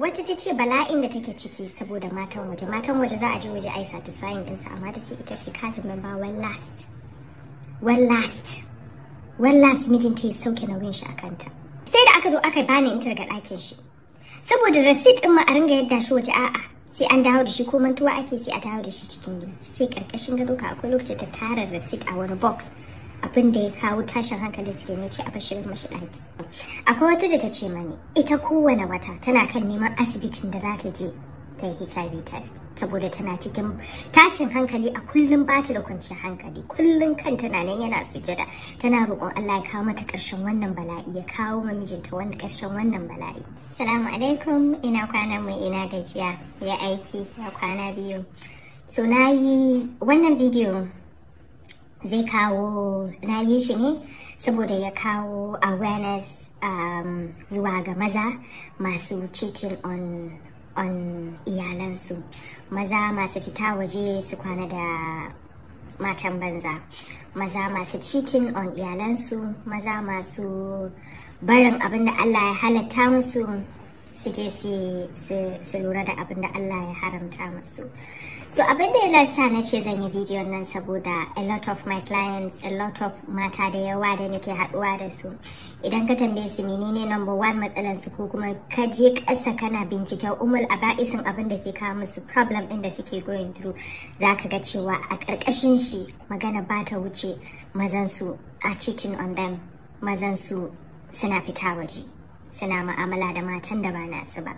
wata ta ce bala'in da take ciki saboda matan waje matan waje za a je waje ai satisfying ɗinsa amma ta ce ita shekarar can't ba one last one last one last mijinta ya sauke nauyin shi a kanta sai da aka zo aka bani in ga ɗakin shi saboda rasit ɗin ma a ringa yadda shi waje a'a sai an dawo da shi ko mantuwa ake sai a dawo da shi cikin gida sai karkashin gado ka akwai lokacin ta tara rasit a wani box abin da ya kawo tashin hankali suke ne a bashirin mashi ɗaki akwai wata da ta ce mani ita kowane wata tana kan neman asibitin da za ta je ta yi hiv test saboda tana cikin tashin hankali a kullum ba ta da kwanciyar hankali kullum kan tana nan yana sujada tana roƙon Allah ya kawo mata ƙarshen wannan bala'i ya kawo ma mijinta wani ƙarshen wannan bala'i salamu alaikum ina kwana mai ina gajiya ya aiki ya kwana biyu so na yi wannan bidiyo zai kawo na yi shi ne saboda ya kawo awareness um, zuwa ga maza masu cheating on on iyalansu maza masu fita waje su kwana da matan banza maza masu cheating on iyalansu maza masu barin abin da allah ya halatta musu suke su lura da abin da Allah ya haramta musu. So abin da ya sa na ce zan yi bidiyon nan saboda a lot of my clients, a lot of mata da yawa da nake haɗuwa da su. Idan ka tambaye su menene number one matsalan su ko kuma ka je ƙasa kana binciken umul a ba'isin abin da ke kawo musu problem ɗin da suke going through zaka ga cewa a ƙarƙashin shi magana ba ta wuce mazan su a cheating on them mazan su suna fita waje. suna ma'amala da matan da ba nasu ba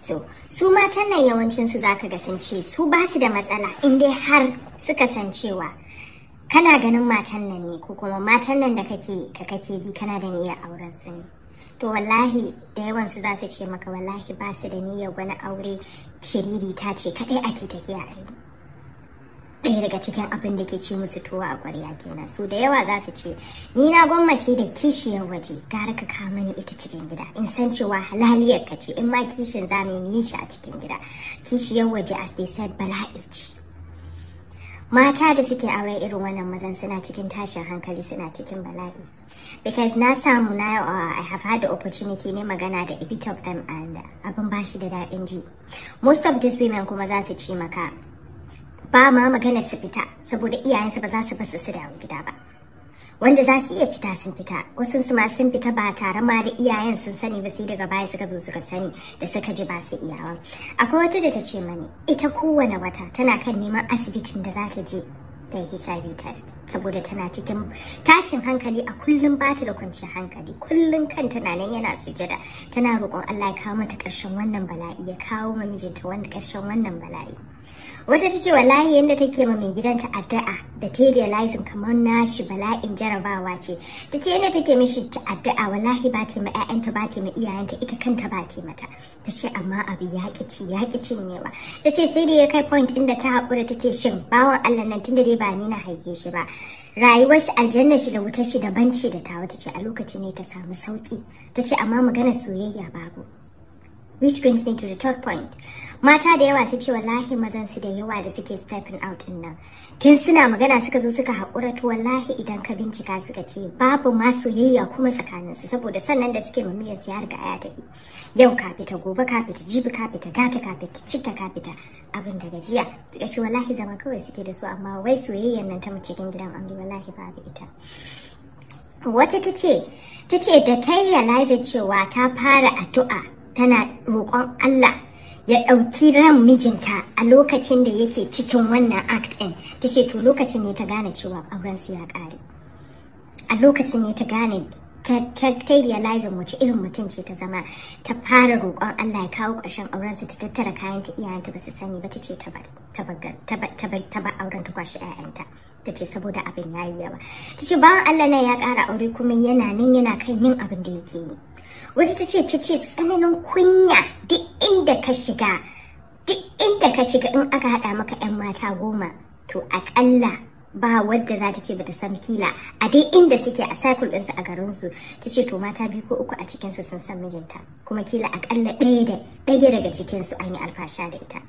so su matan nan yawancin su zaka ga sun ce su ba su da matsala in dai har suka san cewa kana ganin matan nan ne ko kuma matan nan da kake ka kake bi kana da niyyar auren su ne to wallahi da yawan su za su ce maka wallahi ba su da niyyar wani aure shiriri ta ce kadai ake tafiya a ɗaya daga cikin abin da ke ci musu tuwa a ƙwarya kenan su da yawa za su ce ni na gwammace da kishiyar waje gara ka kama ni ita cikin gida in san cewa halaliyar ka ce in ma kishin za mu yi shi a cikin gida kishiyar waje a they said bala'i ce mata da suke aure irin wannan mazan suna cikin tashin hankali suna cikin bala'i because na samu na uh, I have had the opportunity ne magana da a bit them and abin bashi da daɗin ji most of these women kuma za su ci maka ba ma maganar su fita saboda iyayensu ba za su basu su dawo gida ba wanda za su iya fita sun fita wasu su ma sun fita ba tare ma da iyayen sun sani ba sai daga baya suka zo suka sani da suka ji ba su iyawan akwai wata da ta ce mani ita kowane wata tana kan neman asibitin da za ta je ta yi HIV test saboda tana cikin tashin hankali a kullum ba ta da kwanciyar hankali kullum kan tana nan yana sujada tana roƙon Allah ya kawo mata ƙarshen wannan bala'i ya kawo ma mijinta wani ƙarshen wannan bala'i wata ta ce wallahi yadda take ma mai gidanta addu'a da ta realizing kamar nashi bala'in jarabawa ce ta ce yadda take mishi addu'a walahi ba ta ma 'ya'yanta ba ta ma iyayenta ita kanta ba ta mata ta ce amma abu ya ci ya cinyewa ta ce sai da ya kai point inda ta haƙura ta ce shin bawan allah nan tun da dai ba ni na haife shi ba rayuwar shi aljanna shi da wutar shi daban ce da ta wata ce a lokaci ne ta samu sauki ta ce amma maganar soyayya babu which brings me to the third point mata da yawa su ce wallahi mazan su da yawa da suke stepping out din nan tun suna magana suka zo suka haƙura to wallahi idan ka bincika suka ce babu ma soyayya kuma tsakanin su saboda sannan da suke mamiyar su har ga aya ta yi yau ka fita gobe ka fita jibi ka fita gata ka fita citta ka fita abin da gajiya suka ce wallahi zama kawai suke da su amma wai soyayyan nan ta mu cikin gidan yi wallahi babu ita wata ta ce ta ce da ta yi cewa ta fara addu'a tana roƙon Allah ya ɗauki ran mijinta a lokacin da yake cikin wannan act ɗin ta ce to lokacin ne ta gane cewa aurensu ya ƙare a lokacin ne ta gane ta realizing wace irin mutum ce ta zama ta fara roƙon Allah ya kawo ƙarshen aurensu ta tattara kayan kayanta iyayenta ba su sani ba ta ce ta ba auren ta kwashi 'ya'yanta ta ce saboda abin ya yi yawa ta ce bawan Allah na ya ƙara aure kuma yana nan yana kan yin abin da yake yi wasu ta ce ta ce tsananin kunya duk inda ka shiga duk inda ka shiga in aka haɗa maka 'yan mata goma to aƙalla ba wadda za ta ce bata san kila a dai inda suke a cycle ɗinsu a garinsu ta ce to mata biyu ko uku a cikinsu sun san mijinta kuma kila aƙalla ɗaya ɗaya daga cikinsu an yi alfasha da ita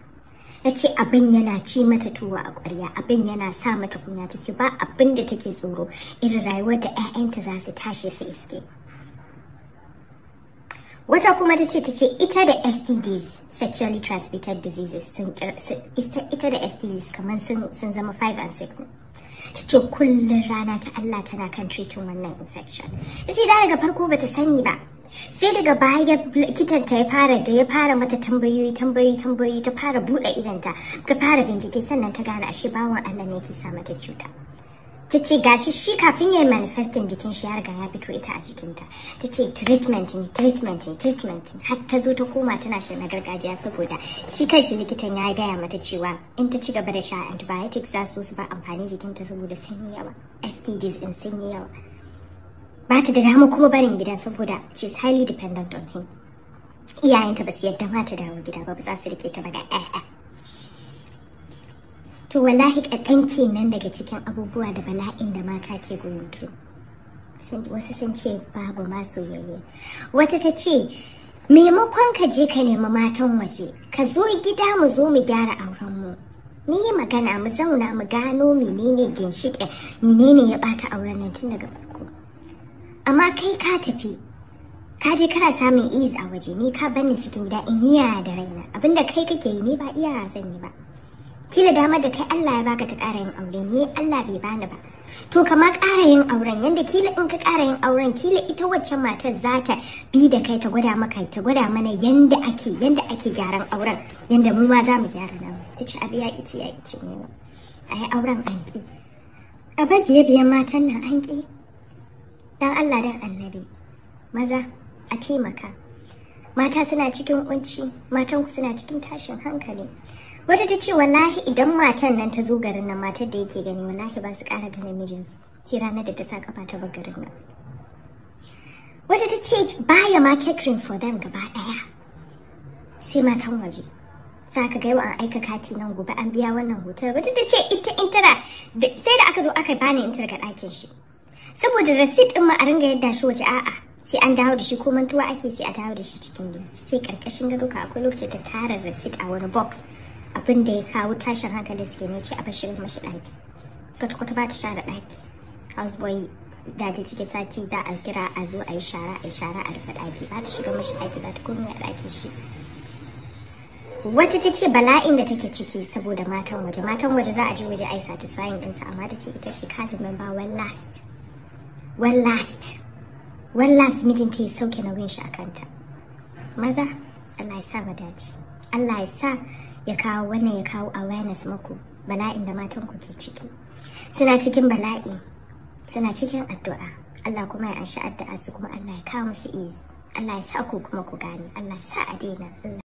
Ta ce abin yana ci mata tuwa a ƙwarya abin yana sa mata kunya ta ce ba abin da take tsoro irin rayuwar da 'ya'yanta za su tashi su iske wata kuma ta ce ta ce ita da stds sexually transmitted diseases sun ita da stds kamar sun zama 5 and 6 ta ce kullum rana ta allah tana kan treating wannan infection ta ce daga farko bata sani ba sai daga baya likitanta ya fara da ya fara mata tambayoyi tambayoyi tambayoyi ta fara buɗe idanta ta fara bincike sannan ta gane ashe bawan allah ne ke sa mata cuta ta ce gashi shi kafin ya yi manifestin jikin shi ya riga ya fito ita a jikinta ta tace treatment ne treatment ne treatment ne har ta zo ta koma tana shan na gargajiya saboda shi shi likitan ya gaya mata cewa in ta ci gaba da sha antibiotics za su su ba amfani jikinta saboda sanyi yawa stds in sanyi yawa ba ta da dama kuma barin gida saboda she is highly dependent on him iyayenta ba su yadda ma ta dawo gida ba ba za su rike ta ba ga 'ya'ya to wallahi kenan daga cikin abubuwa da bala'in da mata ke gurutu wasu sun ce babu ma soyayya wata ta ce maimakon ka je ka nemi matan waje ka zo gida mu zo mu gyara aurenmu ni yi magana mu zauna mu gano menene ginshiƙin menene ya bata auren nan tun daga farko amma kai ka tafi ka je kana samun iz a waje ni ka bani cikin gida in yi da raina abinda kai kake yi ni ba iya zan yi ba kila damar da kai Allah ya baka ta ƙara yin aure ni Allah bai bani ba to kama ƙara yin auren yanda kila in ka ƙara yin auren kila ita waccan matar za ta bi da kai ta gwada maka ta gwada mana yanda ake yanda ake gyaran auren yanda mu ma za mu gyara namu ta ce abu ya ƙici ya ƙici ne a yi auren an ƙi a ba biye-biyen matan nan an ƙi dan Allah dan annabi maza a taimaka mata suna cikin kunci matan ku suna cikin tashin hankali wata ta ce wallahi idan matan nan ta zo garin nan matar da yake gani wallahi ba su ƙara ganin mijinsu sai ranar da ta sa kafa ta garin nan wata ta ce baya ma catering for them gaba daya sai matan waje sa ka gaiwa an aika kati nan gobe an biya wannan hotel wata ta ce ita intara sai da aka zo aka bani intar ga ɗakin shi saboda rasit ɗin ma a ringa yadda shi waje a'a sai an dawo da shi ko mantuwa ake sai a dawo da shi cikin gida sai karkashin gado ka akwai lokacin ta tara rasit a wani box abin da ya kawo tashin hankali suke ne ce a bashirin mashi ɗaki kwata-kwata ba ta share ɗaki houseboy ta cikin sati za a kira a zo a yi shara a shara a rufe ɗaki ba ta shiga mashi ɗaki ba ta komi a ɗakin shi wata ta ce bala'in da take ciki saboda matan waje matan waje za a je waje a yi satisfying ɗinsa amma ta ce ita shi kafin ba one last one last one last mijinta ya sauke nauyin shi a kanta maza Allah ya sa ba dace Allah ya sa ya kawo wannan ya kawo awareness muku bala'in da matan ku ke ciki suna cikin bala'i suna cikin addu'a Allah kuma ya ashe addu'a su kuma Allah ya kawo musu izi Allah ya sa ku kuma ku gane Allah ya sa a daina